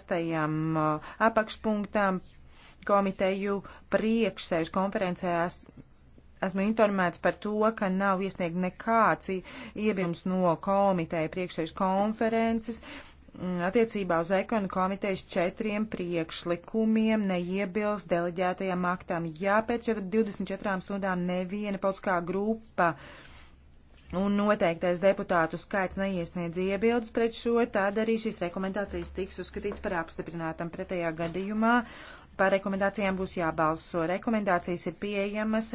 Sastajam uh, apakšpunktam komiteju priekšsēžu konferencē es, esmu informēts par to, ka nav iesniegt nekāds iebildums no komiteja priekšsēžu konferences. Mm, attiecībā uz ekonu komitejas četriem priekšlikumiem neiebilst deleģētajam aktam. Ja pēc 24 stundām neviena politiskā grupa uh, un noteiktais deputātu skaits neiesniedz iebildes pret šo, tad arī šīs rekomendācijas tiks uzskatīts par apstiprinātam. Pretējā gadījumā par rekomendācijām būs jābalso. Rekomendācijas ir pieejamas